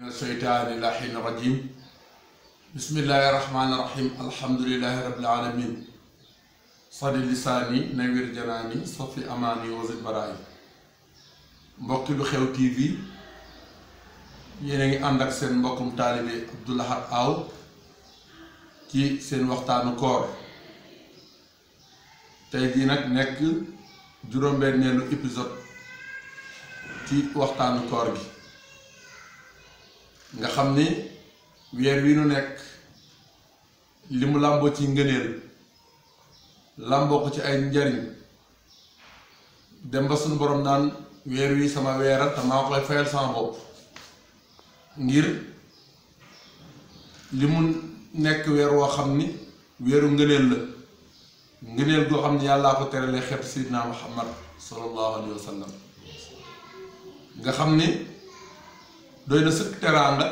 mina sheytaani lahin rajim bismillahi rahmaani rahim alhamdulillahi rabbil alamin sadi lisaani nawir janaani safi amaani wasit baraay mbokki xew tv yéen ngi ànd ak seen mbokkum taalibe Abdou Lahad Aw ci seen waxtaanu koor tey jii nag nekk juróom-benneelu épisode ci waxtaanu koor gi nga xam ni weer wi nu nekk li mu làmboo ci ngëneel làmboo ko ci ay njariñ dem ba suñu borom naan weer wi sama weeral te koy fayal sama bopp ngir li mu nekk weer woo xam ni weeru ngëneel la ngëneel goo xam ni yàllaa ko terale xepp sidna Muhammad sallallahu alayhi wa nga xam ni doy na sëkk teraanga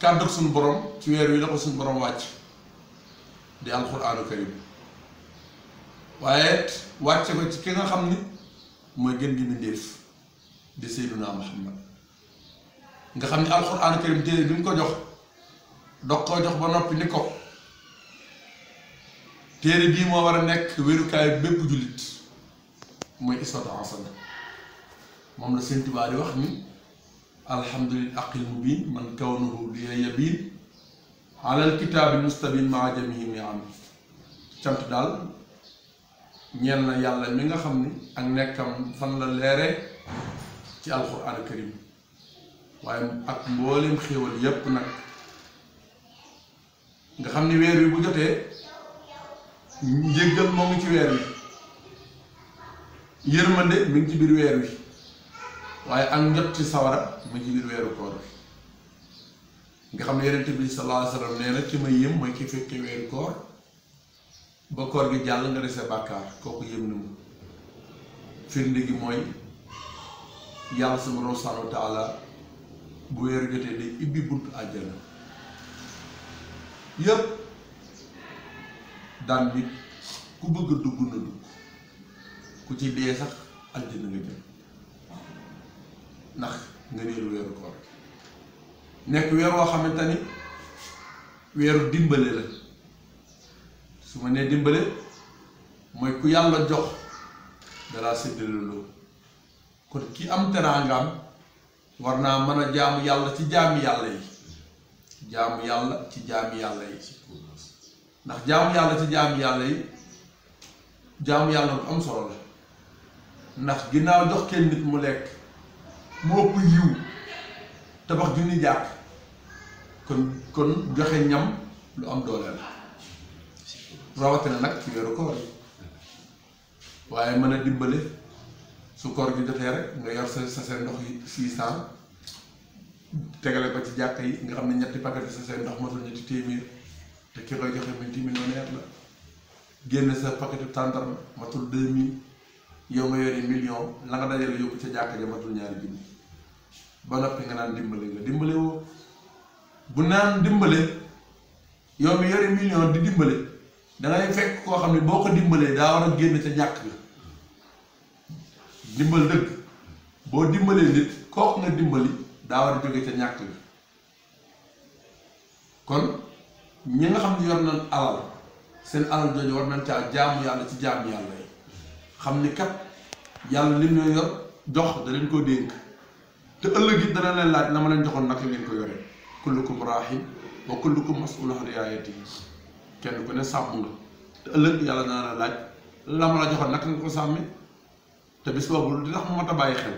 kàddu suñu borom ci weer wi la ko suñu borom wàcc di alxuraanu karim waaye wàcce ko ci ki nga xam ni mooy gën gi mbindéef di Seydunaa Muhammad nga xam ni alxuraanu karim téere bi ñu ko jox dox koo jox ba noppi ni ko téere bii moo war a nekk wérukaay bépp jullit mooy iswatu hasana moom la Sëñ Tuubaa di wax ni alhamdulil aqil mubin man kawnuhu li yabin alal kitaabi mustabin maa jamihi mi am cant daal ñeel na yàlla mi nga xam ni ak nekkam fan la leere ci alxuraan karim waaye ak mboolem xéewal yépp nag nga xam ni weer wi bu jotee njéggal moo ci weer wi yërmande mi ngi ci biir weer wi waaye ak njot ci sawara mu ci weeru koor nga xam ne yonent bi sallallahu nee na ci ma yëm mooy ki fekke weeru koor ba koor gi jàll nga dese bàkkaar kooku yëm na mu firnde gi mooy yàlla sama borom subhanahu wa taala bu weeru jotee day ibbi bunt àjjana yépp daan nit ku bëgg a dugg na dugg ku ci dee sax àjjana nga jëm ndax nga neelu weeru koor nekk weer woo xamante ni weeru dimbale la su ma nee dimbale mooy ku yàlla jox dalaa séddaleloo kon ki am teraangaam war naa mën a jaamu yàlla ci jaami yàlla yi jaamu yàlla ci jaami yàlla yi ndax jaamu ci jaami yàlla yi jaamu yàlla bu am solo la ndax ginnaaw jox kenn nit mu lekk mu ëpp yiw tabax junni jàkk kon kon joxe ñam lu am doole la rawatina nag ci weeru koor yi waaye mën a dimbale su koor gi jotee rek nga yor sa sa seen ndox yi six cent tegale ko ci jàkk yi nga xam ne ñetti paquet sa seen ndox mosul ñetti téeméer te ki koy joxe minti millionnaire la génn sa paquetu tàndarma matul deux mille yow nga yore million la nga dajale yóbbu ca jàkka ja matul ñaari junni ba noppi nga naan dimbale nga dimbale bu naan dimbale yow mi yore million di dimbale dangay fekk koo xam ne boo ko dimbalee daa war a génn ca ñàkk la dimbal dëgg boo dimbalee nit kooku nga dimbali daa war a jóge ca ñàkk la kon ñi nga xam ne yor nañ alal seen alal jooju war nañ caa jaamu yàlla ci jaamu yàlla yi xam ni kat yàlla lim ñoo yor jox da leen koo dénk te ëllëg it dana leen laaj na ma leen joxoon naka ngeen ko yore kullukum raaxin wa kullukum mas'ulun an ri'aayatihi kenn ku ne sàmm nga te ëllëg yàlla dana la laaj la ma la joxoon naka nga ko sàmme te bis boobu di tax moo ta bàyyi xel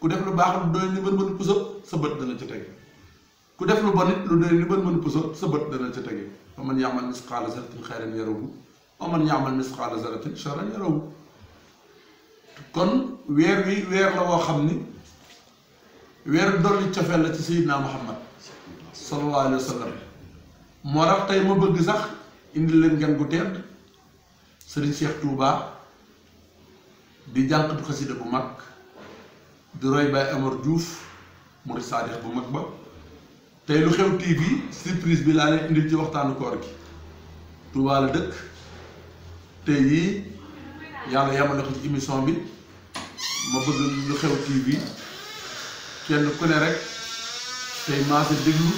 ku def lu baax lu doy ni bën bën puso sa bët dana ci tege ku def lu bon it lu doy ni bën bën puso sa bët dana ci tege wa man ya'mal misqaala zarratin xayran yarahu wa man ya'mal misqaala zarratin sharran yarahu kon weer wi weer la woo xam ni weer dolli cofeel la ci Seydina Muhammad sallallahu alayhi wa moo tax tey ma bëgg sax indi leen gan gu tedd Serigne Cheikh Touba di jànkatu xasida bu mag di roy Baye Amar Diouf murid saadix bu mag ba tey lu xew TV surprise bi laa leen indil ci waxtaanu koor gi Touba dëkk tey yii yàlla yamal na ko ci émission bi ma bëgg lu xew TV kenn ku rek tey maase déglu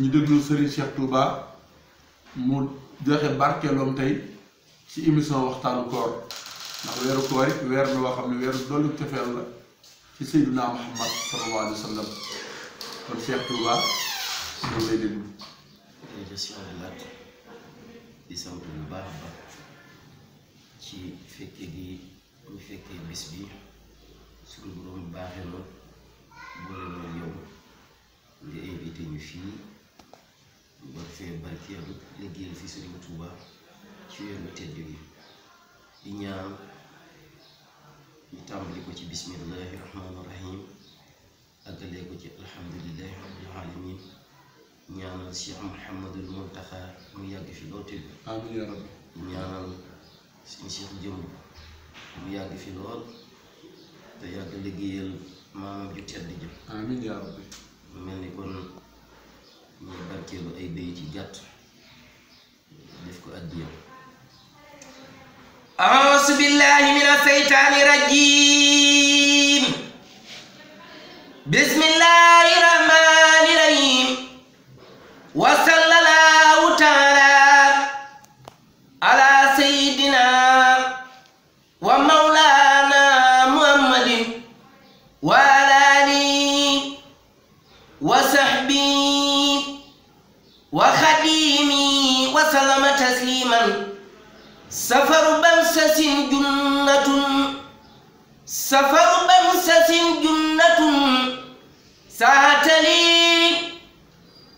ñu déglu Serigne Cheikh Touba mu joxe barkeeloom tey ci émission waxtaanu koor ndax weeru koor it weer la woo xam ne weeru dollu cofeel la ci Seydina Muhammad sallallahu alayhi wa sallam kon Cheikh Touba loolu lay déglu. ci fekke gi ñu fekkee bis bi suñu borom baaxee na boole na yow nga invité ñu fii war fee barkeel liggéeyal fi Sëriñ Tuuba ci weeru tedd gi ñaan ñu tàmbali ko ci bismillahi rahmaani rahim àggalee ko ci alhamdulillahi rabbil alamin ñaanal Cheikh Mouhamadul Muntaxa mu yàgg fi lool tedd ñaanal suñ seex jëm mu yàgg fi lool te yàgg liggéeyal maamam ju tedd ji amiin yaa rabbi mu mel ni kon ñu barkeelu ay béy ci gàtt def ko addiya auzu billahi mina seytaani rajim bismillahi rahmaani rahim أمسس جنة سفر أمسس جنة ساعة لي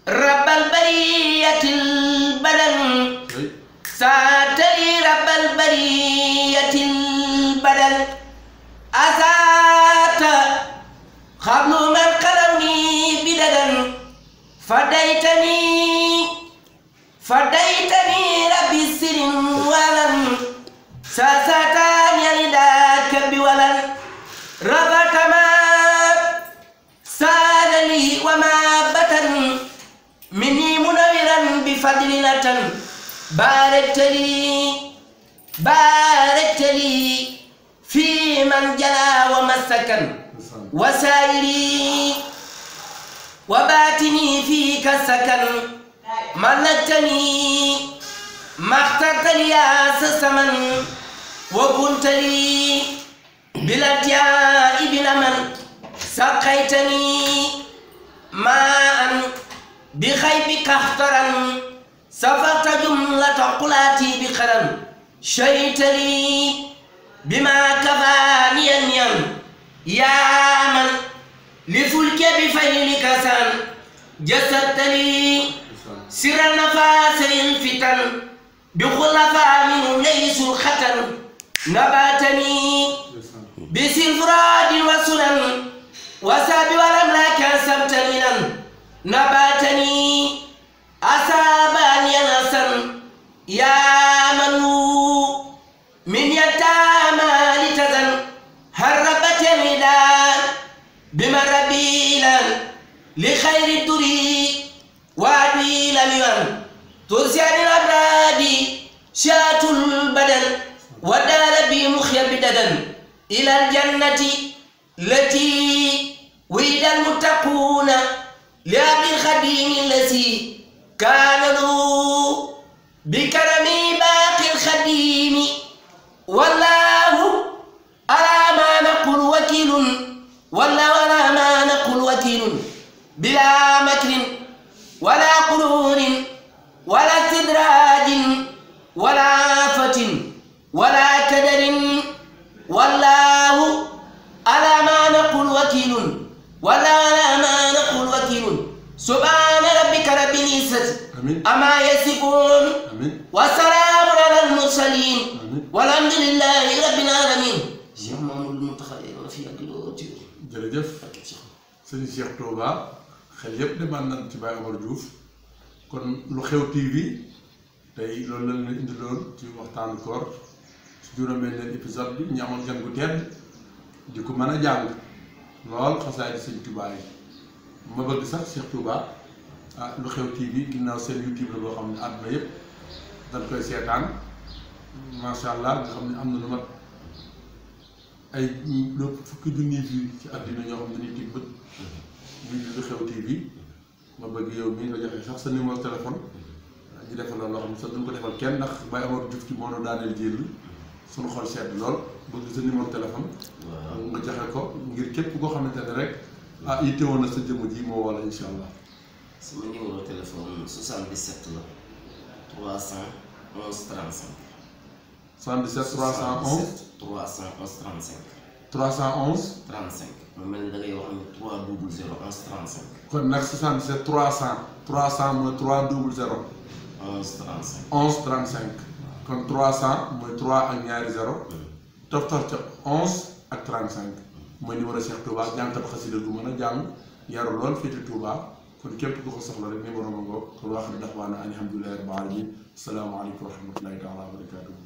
رب البرية البدن ساعة لي رب البرية البدن أزات خبل من قلمي بددا فديتني فديتني ربي السر ساستان يلداك بولد ربط ما سال لي وما بتن مني منورا بفضل لتن باركت لي باركت لي في من جلا ومسكن وسائري وباتني فيك سكن ملكتني ما اخترت لي اسسا وكنت لي بالأدياء بلمن سقيتني ماء بخيبك اخترا سفرت جملة قلاتي بخرا شيت لي بما كفاني يم يا من لفلك بفيلك سن جسدت لي سر النفاس الفتن بخلفاء من ليس الختن نباتني بسفراد وسنن وساب والأملاك سبت منن نباتني أصابان ينسن يا من من يتامى لتزن هربت ميلان بمربيلا لخير الدري وادي لميون ترسيان الأبراد شات البدن ودى إلى الجنة التي وعد المتقون لأبي الخديم الذي كان ذو بكرم باقي الخديم والله على ما نقول وكيل والله على ما نقول وكيل بلا مكر ولا قرون ولا استدراج ولا آفة ولا كدر والله subhaana rabbika rabbil izzati ammaa yasifuun wa salaamun alal mursaliin walhamdulillaahi rabbil aalamiin Cheikh Mamadou Mountakha ma fi yàgg lool ci jërëjëf sëñ Cheikh xel yépp demaan ci Baye Omar Diouf kon lu xew TV tey loolu lañ leen indiloon ci waxtaanu koor ci juróom-benneelu épisode bi ñu amoon gan gu tedd di ko mën a jàng lool xasaay di sëñ Touba yi ma bëgg sax Cheikh Touba ah lu xew TV ginnaaw seen YouTube la boo xam ne àdduna yëpp dañ koy seetaan macha allah nga xam ne am na lu mat ay lu fukki junni bi ci àddina ñoo xam ne dañuy teg bët ñu di lu xew TV ma bëgg yow mii nga joxe sax sa numéro téléphone ñu defal loolu loo xam ne sax duñ ko defal kenn ndax Baye Omar Diouf ci moo daaneel jël suñu xol lool bëgg sa numéro téléphone. nga joxe ko ngir képp goo xamante ne rek. ah yitte woon na sa jëmm ji moo wala incha allah. sama numéro téléphone 77 la 311 35. 77 311 311 35. 311. 35 mu mel ni da ngay wax ni 3 kon nag 77 300 300 mooy 3 00. 11 35. 11 35. kon 300 mooy 3 ak ñaari 0. Hmm. toftal ca 11 ak 35. mooy numéro Cheikh Touba jànkat xasida gu mën a jàng yaru lool féete Touba kon képp ku ko soxla rek numéro ma ngoog kon wax na daxwaana alhamdulilahi rabbil alamin asalaamaaleykum wa rahmatullahi taala wa barakatuh